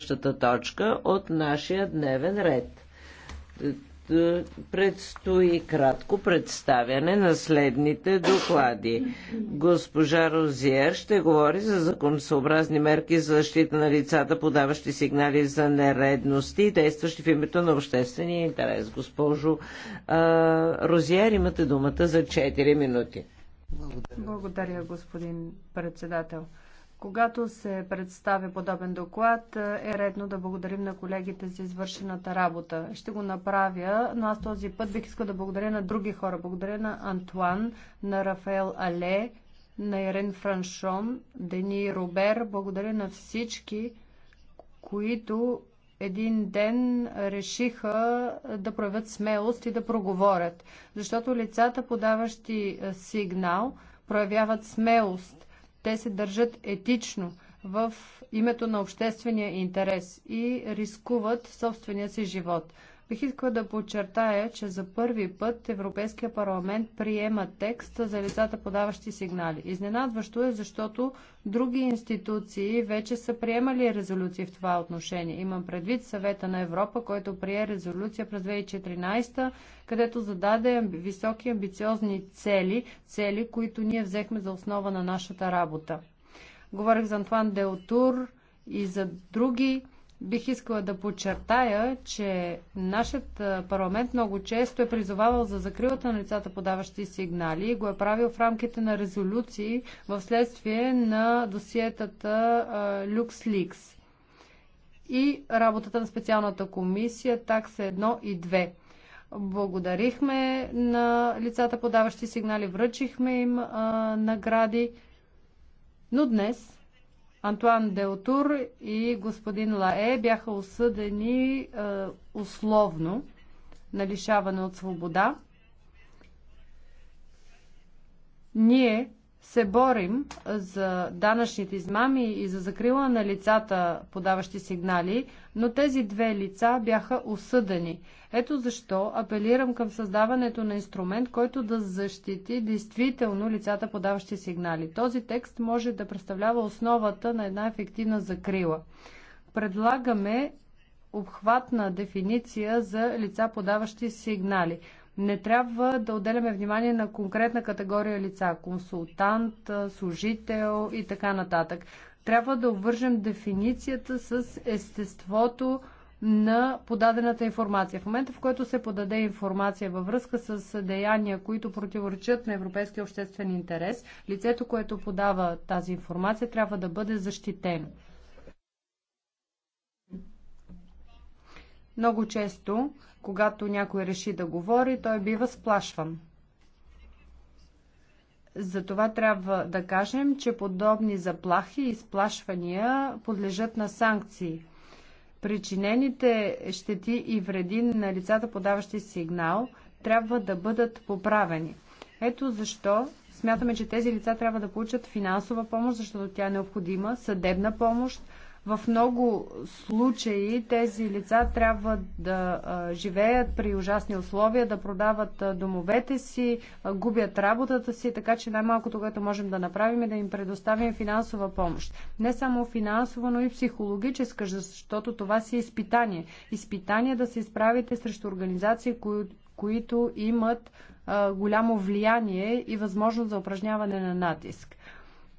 следващата точка от нашия дневен ред. Предстои кратко представяне на следните доклади. Госпожа Розиер ще говори за законосъобразни мерки за защита на лицата, подаващи сигнали за нередности и действащи в името на обществения интерес. Госпожо а, Розиер, имате думата за 4 минути. Благодаря, Благодаря господин председател. Когато се представя подобен доклад, е редно да благодарим на колегите за извършената работа. Ще го направя, но аз този път бих искал да благодаря на други хора. Благодаря на Антуан, на Рафаел Але, на Ирен Франшон, Дени Робер. Благодаря на всички, които един ден решиха да проявят смелост и да проговорят. Защото лицата, подаващи сигнал, проявяват смелост те се държат етично в името на обществения интерес и рискуват собствения си живот. Бих искала да подчертая, че за първи път Европейския парламент приема текст за лицата подаващи сигнали. Изненадващо е, защото други институции вече са приемали резолюции в това отношение. Имам предвид съвета на Европа, който прие резолюция през 2014, където зададе високи амбициозни цели, цели, които ние взехме за основа на нашата работа. Говорих за Антуан Делтур и за други Бих искала да подчертая, че нашият парламент много често е призовавал за закрилата на лицата, подаващи сигнали и го е правил в рамките на резолюции в следствие на досиетата LuxLeaks и работата на специалната комисия такса 1 и 2. Благодарихме на лицата, подаващи сигнали, връчихме им а, награди, но днес Антуан Делтур и господин Лае бяха осъдени е, условно на лишаване от свобода. Ние се борим за данъчните измами и за закрила на лицата, подаващи сигнали, но тези две лица бяха осъдени. Ето защо апелирам към създаването на инструмент, който да защити действително лицата, подаващи сигнали. Този текст може да представлява основата на една ефективна закрила. Предлагаме обхватна дефиниция за лица, подаващи сигнали. Не трябва да отделяме внимание на конкретна категория лица консултант, служител и така нататък. Трябва да обвържем дефиницията с естеството на подадената информация. В момента, в който се подаде информация във връзка с деяния, които противоречат на европейския обществен интерес, лицето, което подава тази информация, трябва да бъде защитено. Много често, когато някой реши да говори, той бива сплашван. Затова трябва да кажем, че подобни заплахи и сплашвания подлежат на санкции. Причинените щети и вреди на лицата, подаващи сигнал, трябва да бъдат поправени. Ето защо смятаме, че тези лица трябва да получат финансова помощ, защото тя е необходима, съдебна помощ, в много случаи тези лица трябва да живеят при ужасни условия, да продават домовете си, губят работата си, така че най-малкото, което можем да направим е да им предоставим финансова помощ. Не само финансова, но и психологическа, защото това си е изпитание. Изпитание да се изправите срещу организации, които които имат а, голямо влияние и възможност за упражняване на натиск.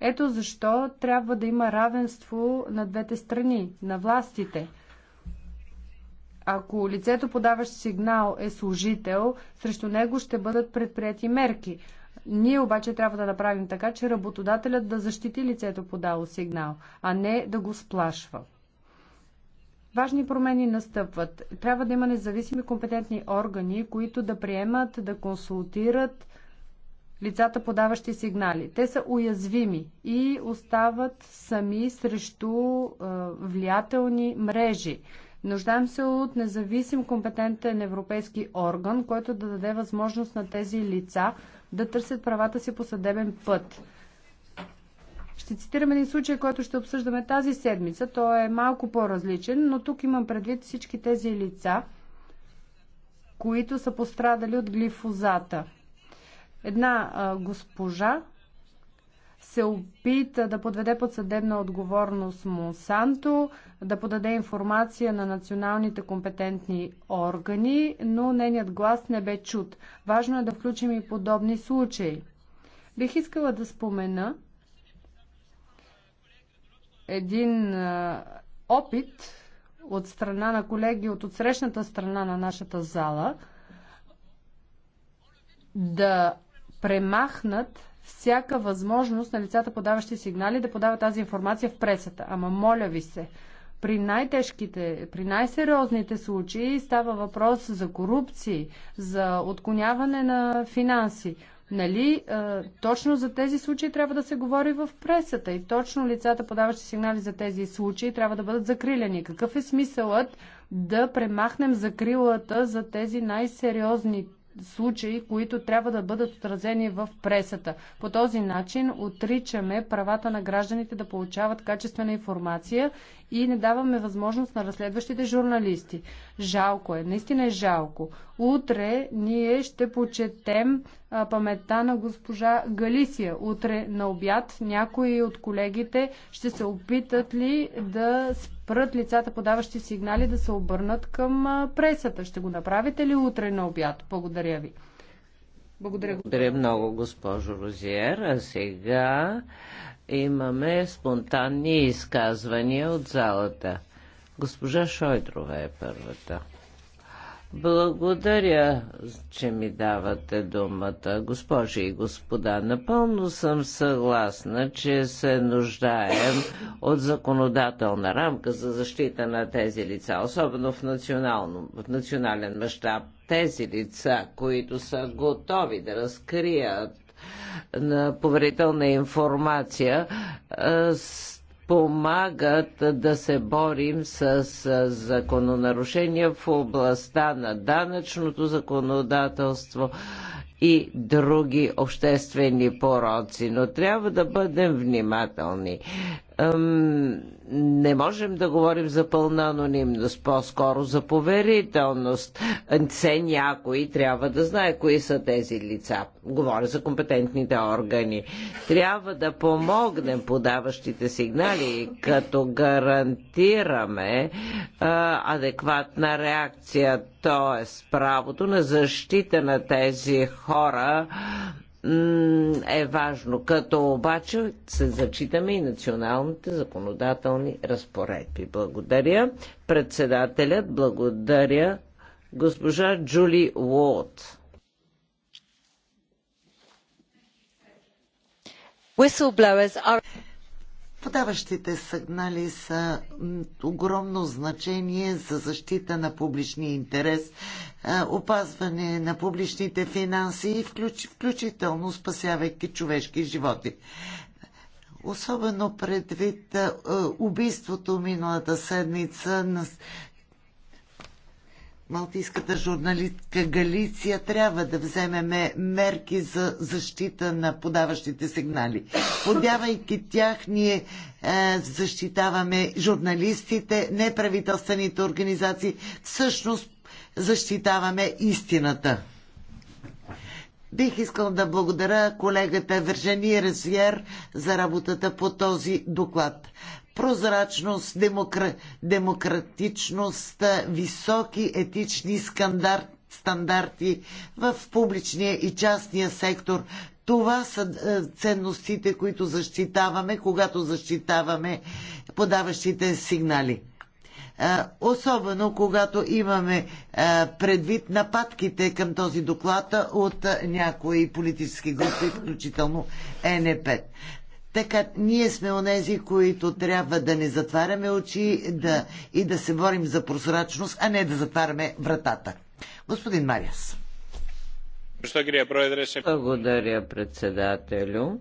Ето защо трябва да има равенство на двете страни, на властите. Ако лицето подаващ сигнал е служител, срещу него ще бъдат предприяти мерки. Ние обаче трябва да направим така, че работодателят да защити лицето подало сигнал, а не да го сплашва. Важни промени настъпват. Трябва да има независими компетентни органи, които да приемат, да консултират, лицата подаващи сигнали. Те са уязвими и остават сами срещу а, влиятелни мрежи. Нуждаем се от независим компетентен европейски орган, който да даде възможност на тези лица да търсят правата си по съдебен път. Ще цитирам един случай, който ще обсъждаме тази седмица. Той е малко по-различен, но тук имам предвид всички тези лица, които са пострадали от глифозата – Една а, госпожа се опита да подведе под съдебна отговорност Монсанто, да подаде информация на националните компетентни органи, но нейният глас не бе чут. Важно е да включим и подобни случаи. Бих искала да спомена един опит от страна на колеги от отсрещната страна на нашата зала да премахнат всяка възможност на лицата, подаващи сигнали, да подават тази информация в пресата. Ама моля ви се, при най-тежките, при най-сериозните случаи става въпрос за корупции, за отклоняване на финанси. Нали, е, точно за тези случаи трябва да се говори в пресата и точно лицата, подаващи сигнали за тези случаи, трябва да бъдат закрилени. Какъв е смисълът да премахнем закрилата за тези най-сериозни случаи, които трябва да бъдат отразени в пресата. По този начин отричаме правата на гражданите да получават качествена информация и не даваме възможност на разследващите журналисти. Жалко е, наистина е жалко. Утре ние ще почетем паметта на госпожа Галисия. Утре на обяд някои от колегите ще се опитат ли да спрат лицата, подаващи сигнали, да се обърнат към пресата. Ще го направите ли утре на обяд? Благодаря ви. Благодаря. Благодаря много, госпожо Розиер. А сега Имаме спонтанни изказвания от залата. Госпожа Шойдрова е първата. Благодаря, че ми давате думата, госпожи и господа. Напълно съм съгласна, че се нуждаем от законодателна рамка за защита на тези лица, особено в, национално, в национален мащаб. Тези лица, които са готови да разкрият на поверителна информация помагат да се борим с закононарушения в областта на данъчното законодателство и други обществени пороци, но трябва да бъдем внимателни не можем да говорим за пълна анонимност, по-скоро за поверителност. Все някой трябва да знае кои са тези лица. Говоря за компетентните органи. Трябва да помогнем подаващите сигнали, като гарантираме а, адекватна реакция, т.е. правото на защита на тези хора е важно, като обаче се зачитаме и националните законодателни разпоредби. Благодаря. Председателят благодаря госпожа Джули Уолт. Whistleblowers are... Подаващите сигнали са огромно значение за защита на публичния интерес, опазване на публичните финанси и включ, включително спасявайки човешки животи. Особено предвид убийството миналата седмица на малтийската журналистка Галиция трябва да вземеме мерки за защита на подаващите сигнали. Подявайки тях, ние е, защитаваме журналистите, неправителствените организации. Всъщност защитаваме истината. Бих искал да благодаря колегата Вържени Резиер за работата по този доклад прозрачност, демокра... демократичност, високи етични стандарти стандарти в публичния и частния сектор. Това са е, ценностите, които защитаваме, когато защитаваме подаващите сигнали. Е, особено когато имаме е, предвид нападките към този доклад от някои политически групи, включително НП. Така, ние сме онези, които трябва да не затваряме очи да, и да се борим за прозрачност, а не да затваряме вратата. Господин Мариас. Благодаря, председателю.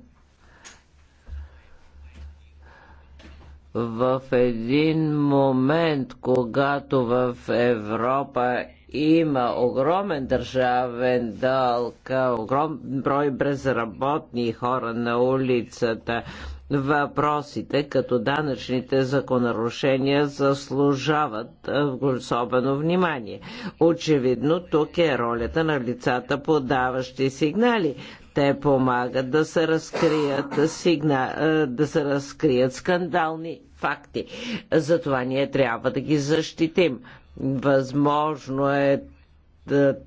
в един момент, когато в Европа има огромен държавен дълг, огром брой безработни хора на улицата. Въпросите като данъчните законарушения заслужават особено внимание. Очевидно тук е ролята на лицата подаващи сигнали. Те помагат да се разкрият, сигна... да се разкрият скандални факти. Затова ние трябва да ги защитим. Възможно е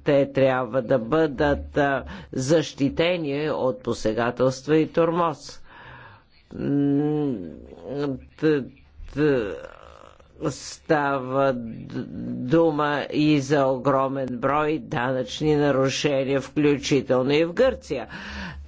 те трябва да бъдат защитени от посегателства и тормоз става дума и за огромен брой данъчни нарушения, включително и в Гърция.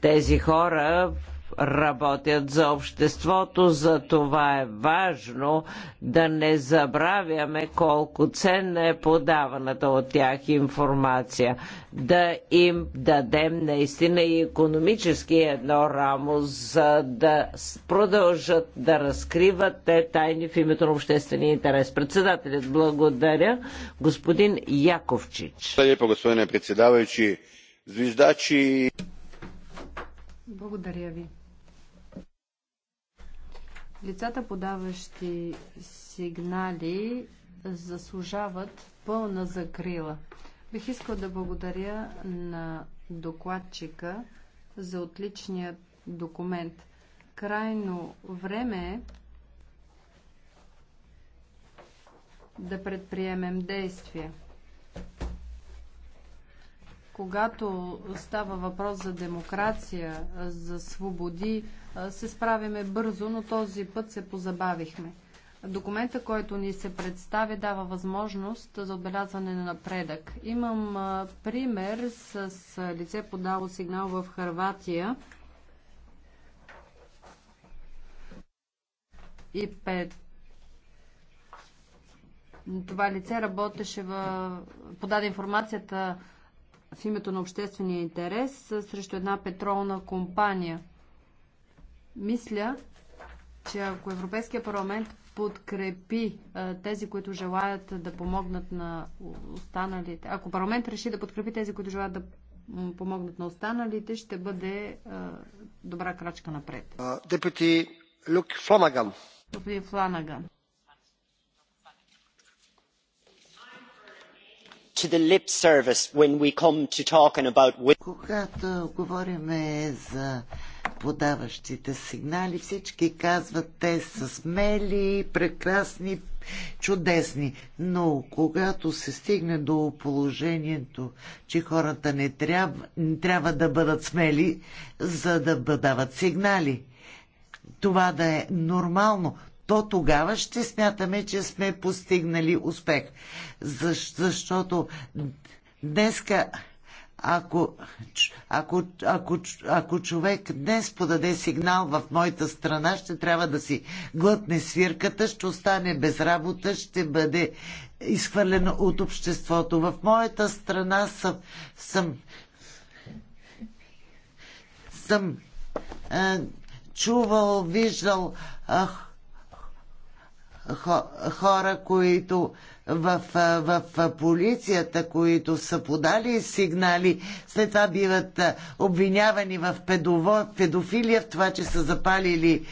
Тези хора работят за обществото, за това е важно да не забравяме колко ценна е подаваната от тях информация. Да им дадем наистина и економически едно рамо, за да продължат да разкриват те тайни в името на обществения интерес. Председателят благодаря. Господин Яковчич. господине председавайчи. Звездачи. Благодаря ви. Лицата, подаващи сигнали, заслужават пълна закрила. Бих искал да благодаря на докладчика за отличния документ. Крайно време е да предприемем действия когато става въпрос за демокрация, за свободи, се справиме бързо, но този път се позабавихме. Документа, който ни се представи, дава възможност за отбелязване на напредък. Имам пример с лице подало сигнал в Харватия. И пет това лице работеше в... подаде информацията в името на обществения интерес срещу една петролна компания. Мисля, че ако Европейския парламент подкрепи тези, които желаят да помогнат на останалите, ако парламент реши да подкрепи тези, които желаят да помогнат на останалите, ще бъде добра крачка напред. Депути Люк Фланаган. Господин Фланаган. to the lip service when we come to talking about... Когато говорим за подаващите сигнали, всички казват, те са смели, прекрасни, чудесни. Но когато се стигне до положението, че хората не трябва, не трябва да бъдат смели, за да бъдават сигнали, това да е нормално, то тогава ще смятаме, че сме постигнали успех. Защ, защото днеска, ако, ако, ако, ако човек днес подаде сигнал в моята страна, ще трябва да си глътне свирката, ще остане без работа, ще бъде изхвърлено от обществото. В моята страна съм, съм, съм е, чувал, виждал. Е, хора, които в, в, в полицията, които са подали сигнали, след това биват обвинявани в педово, педофилия, в това, че са запалили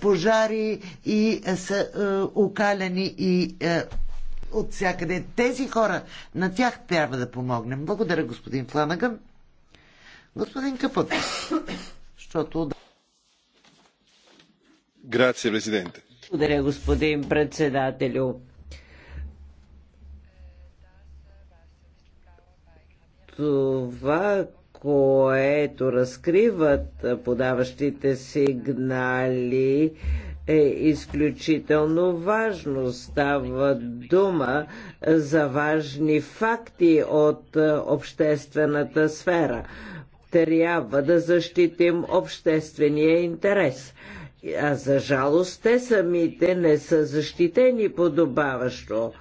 пожари и са е, окаляни и е, от всякъде. Тези хора, на тях трябва да помогнем. Благодаря, господин Фланагън. Господин Капът, защото... Грация, президенте. Благодаря, господин председателю. Това, което разкриват подаващите сигнали, е изключително важно. Става дума за важни факти от е, обществената сфера. Трябва да защитим обществения интерес. А за жалост те самите не са защитени подобаващо.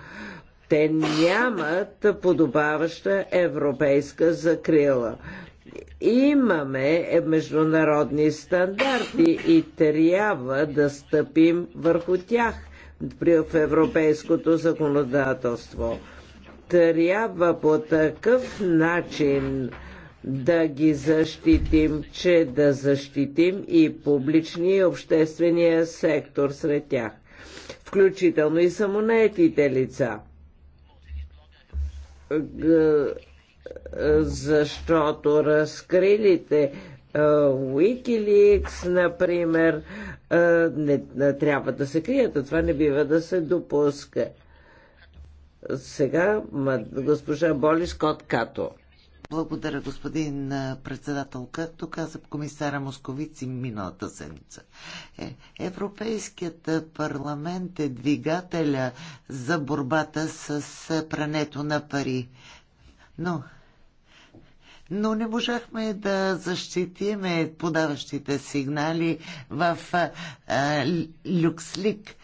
Те нямат подобаваща европейска закрила имаме международни стандарти и трябва да стъпим върху тях в европейското законодателство. Трябва по такъв начин да ги защитим, че да защитим и публичния и обществения сектор сред тях, включително и самонаетите лица. Защото разкрилите Wikileaks, например, не, не трябва да се крият, а това не бива да се допуска. Сега госпожа Боли Скот Като. Благодаря, господин председател. Както каза комисара Московици миналата седмица, е, Европейският парламент е двигателя за борбата с прането на пари. Но но не можахме да защитиме подаващите сигнали в а, Люкслик.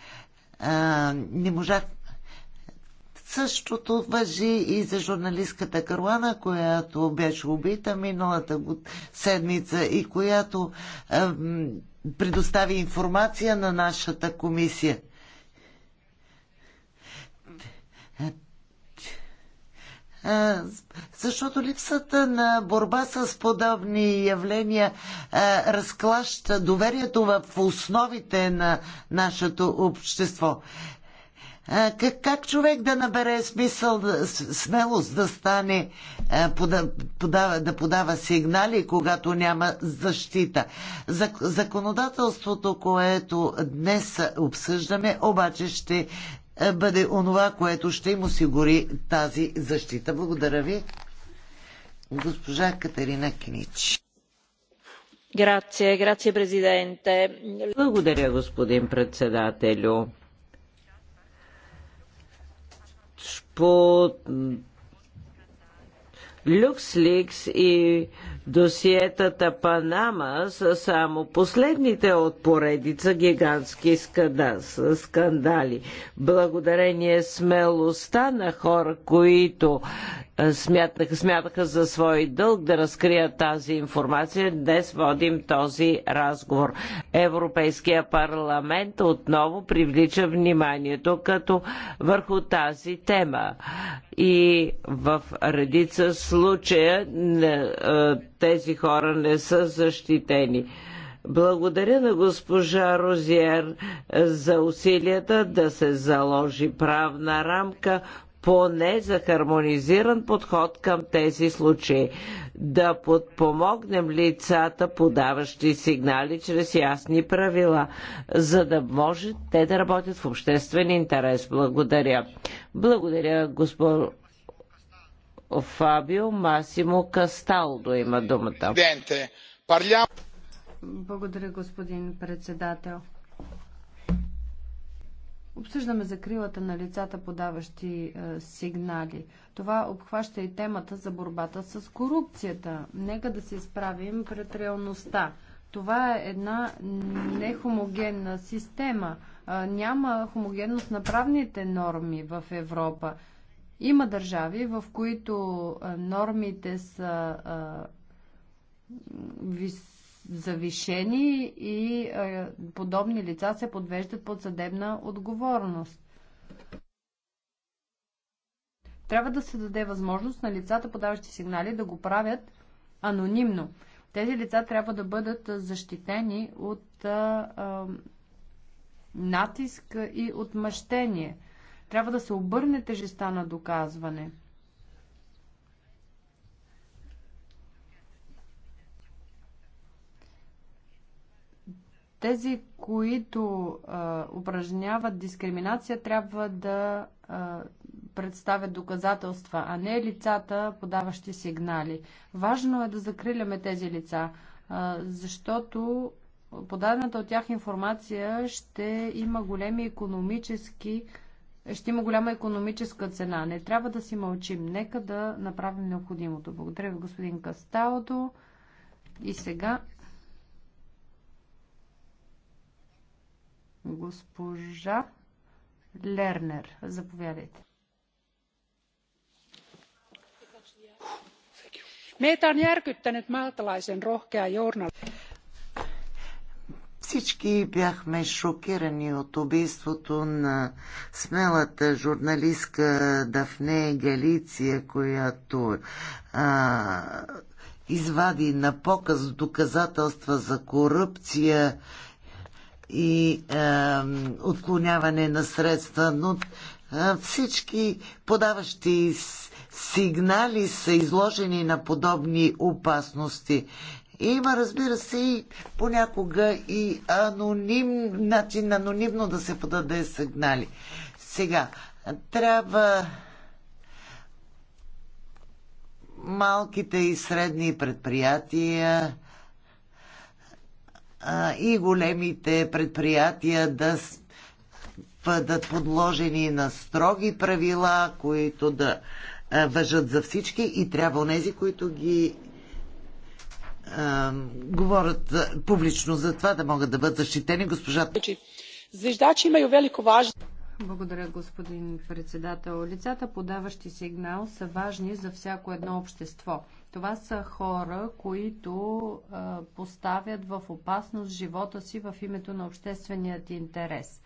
А, не можахме. Същото въжи и за журналистката Каруана, която беше убита миналата седмица и която е, предостави информация на нашата комисия. защото липсата на борба с подобни явления разклаща доверието в основите на нашето общество. Как, как човек да набере смисъл, смелост да стане, пода, подава, да подава сигнали, когато няма защита? Законодателството, което днес обсъждаме, обаче ще бъде онова, което ще им осигури тази защита. Благодаря ви, госпожа Катерина Кинич. Благодаря, господин председателю по LuxLeaks и Досиетата Панама са само последните от поредица гигантски скандали. Благодарение смелостта на хора, които смятаха, смятаха за свой дълг да разкрият тази информация. Днес водим този разговор. Европейския парламент отново привлича вниманието като върху тази тема. И в редица случая тези хора не са защитени. Благодаря на госпожа Розиер за усилията да се заложи правна рамка поне за хармонизиран подход към тези случаи. Да подпомогнем лицата, подаващи сигнали чрез ясни правила, за да може те да работят в обществен интерес. Благодаря. Благодаря, госпожо Фабио Масимо Касталдо има думата. Благодаря, господин председател. Обсъждаме закрилата на лицата, подаващи е, сигнали. Това обхваща и темата за борбата с корупцията. Нека да се изправим пред реалността. Това е една нехомогенна система. Е, няма хомогенност на правните норми в Европа. Има държави, в които нормите са завишени и подобни лица се подвеждат под съдебна отговорност. Трябва да се даде възможност на лицата, подаващи сигнали, да го правят анонимно. Тези лица трябва да бъдат защитени от а, а, натиск и отмъщение. Трябва да се обърне тежеста на доказване. Тези, които а, упражняват дискриминация, трябва да а, представят доказателства, а не лицата, подаващи сигнали. Важно е да закриляме тези лица, а, защото подадената от тях информация ще има големи економически ще има голяма економическа цена. Не трябва да си мълчим. Нека да направим необходимото. Благодаря ви, господин Касталдо. И сега госпожа Лернер. Заповядайте. Meitä on järkyttänyt maltalaisen rohkea journalisti. Всички бяхме шокирани от убийството на смелата журналистка Дафне Галиция, която а, извади на показ доказателства за корупция и а, отклоняване на средства, но а, всички подаващи сигнали са изложени на подобни опасности. Има, разбира се, и понякога и аноним, начин анонимно да се подаде сигнали. Сега, трябва малките и средни предприятия а, и големите предприятия да бъдат подложени на строги правила, които да въжат за всички и трябва онези, които ги говорят публично за това да могат да бъдат защитени госпожа. Звездачи имaju велико важно. Благодаря, господин председател. Лицата, подаващи сигнал, са важни за всяко едно общество. Това са хора, които поставят в опасност живота си в името на общественият интерес.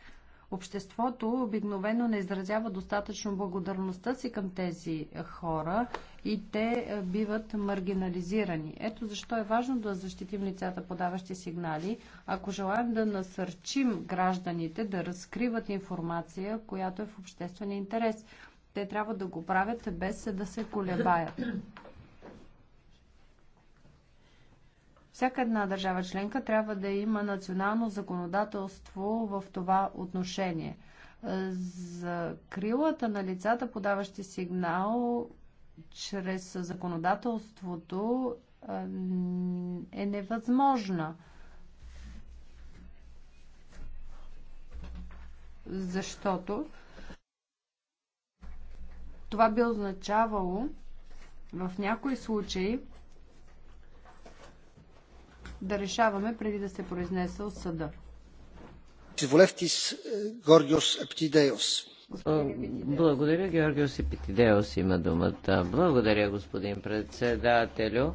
Обществото обикновено не изразява достатъчно благодарността си към тези хора и те е, биват маргинализирани. Ето защо е важно да защитим лицата, подаващи сигнали, ако желаем да насърчим гражданите да разкриват информация, която е в обществен интерес. Те трябва да го правят без да се колебаят. Всяка една държава членка трябва да има национално законодателство в това отношение. За крилата на лицата, подаващи сигнал чрез законодателството, е невъзможна. Защото това би означавало в някои случаи да решаваме преди да се произнесе от съда. Е, е, благодаря, Георгиос Епитидеос има думата. Благодаря, господин председателю.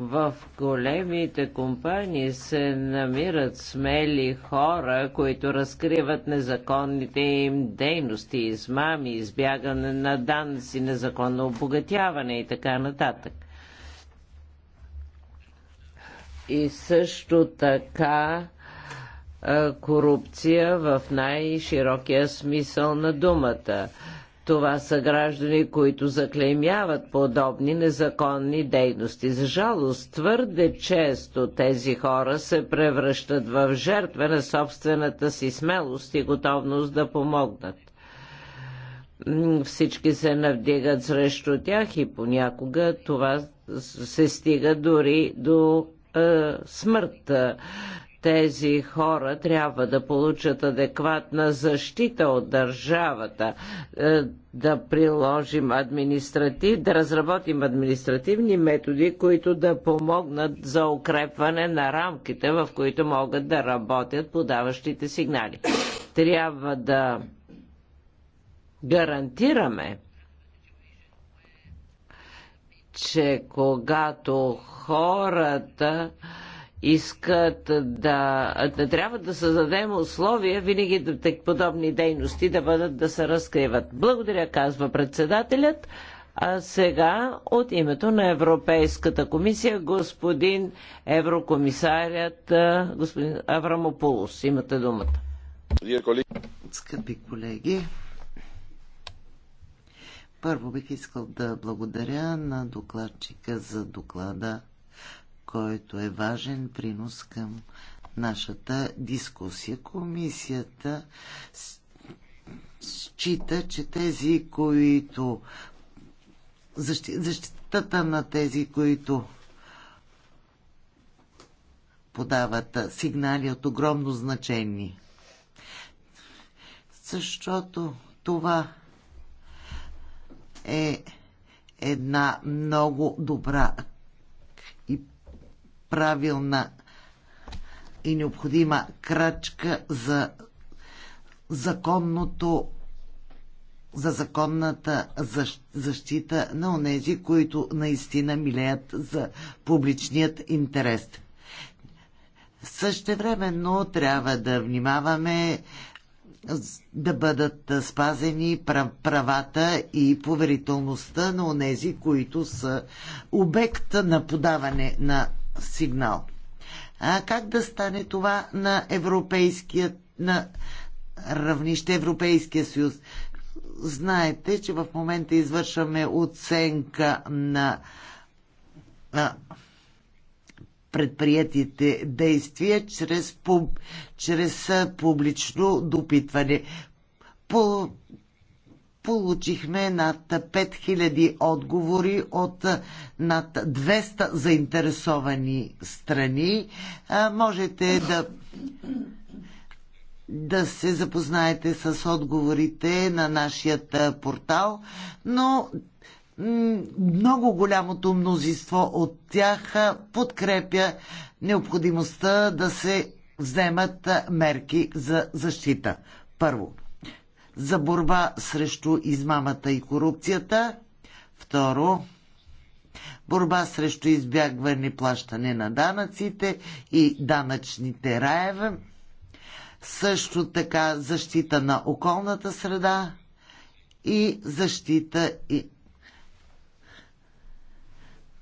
В големите компании се намират смели хора, които разкриват незаконните им дейности, измами, избягане на данъци, незаконно обогатяване и така нататък. И също така корупция в най-широкия смисъл на думата. Това са граждани, които заклеймяват подобни незаконни дейности. За жалост, твърде често тези хора се превръщат в жертва на собствената си смелост и готовност да помогнат. Всички се навдигат срещу тях и понякога това се стига дори до е, смърт тези хора трябва да получат адекватна защита от държавата, е, да приложим административ, да разработим административни методи, които да помогнат за укрепване на рамките, в които могат да работят подаващите сигнали. Трябва да гарантираме, че когато хората искат да, да трябва да създадем условия винаги да, подобни дейности да бъдат да се разкриват. Благодаря, казва председателят. А сега от името на Европейската комисия господин еврокомисарят господин Аврамополус. Имате думата. Скъпи колеги, първо бих искал да благодаря на докладчика за доклада който е важен принос към нашата дискусия. Комисията счита, че тези, които защитата на тези, които подават сигнали е от огромно значение. Защото това е една много добра правилна и необходима крачка за законното за законната защита на онези, които наистина милеят за публичният интерес. Същевременно трябва да внимаваме да бъдат спазени правата и поверителността на онези, които са обект на подаване на сигнал. А как да стане това на европейския, на равнище Европейския съюз? Знаете, че в момента извършваме оценка на а, предприятите действия чрез, пуб, чрез публично допитване. По, получихме над 5000 отговори от над 200 заинтересовани страни. Можете да да се запознаете с отговорите на нашия портал, но много голямото мнозинство от тях подкрепя необходимостта да се вземат мерки за защита. Първо, за борба срещу измамата и корупцията. Второ, борба срещу избягване плащане на данъците и данъчните раеве. Също така защита на околната среда и защита и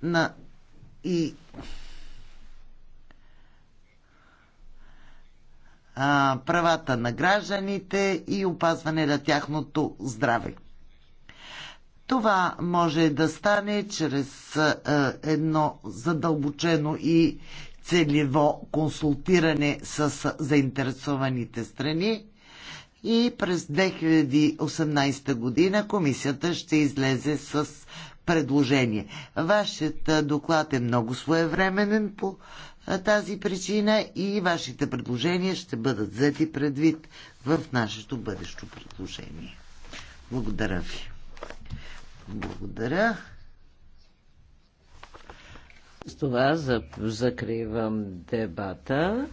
на и а, правата на гражданите и опазване на тяхното здраве. Това може да стане чрез а, едно задълбочено и целево консултиране с заинтересованите страни и през 2018 година комисията ще излезе с предложение. Вашият доклад е много своевременен по тази причина и вашите предложения ще бъдат взети предвид в нашето бъдещо предложение. Благодаря ви. Благодаря. С това закривам дебата.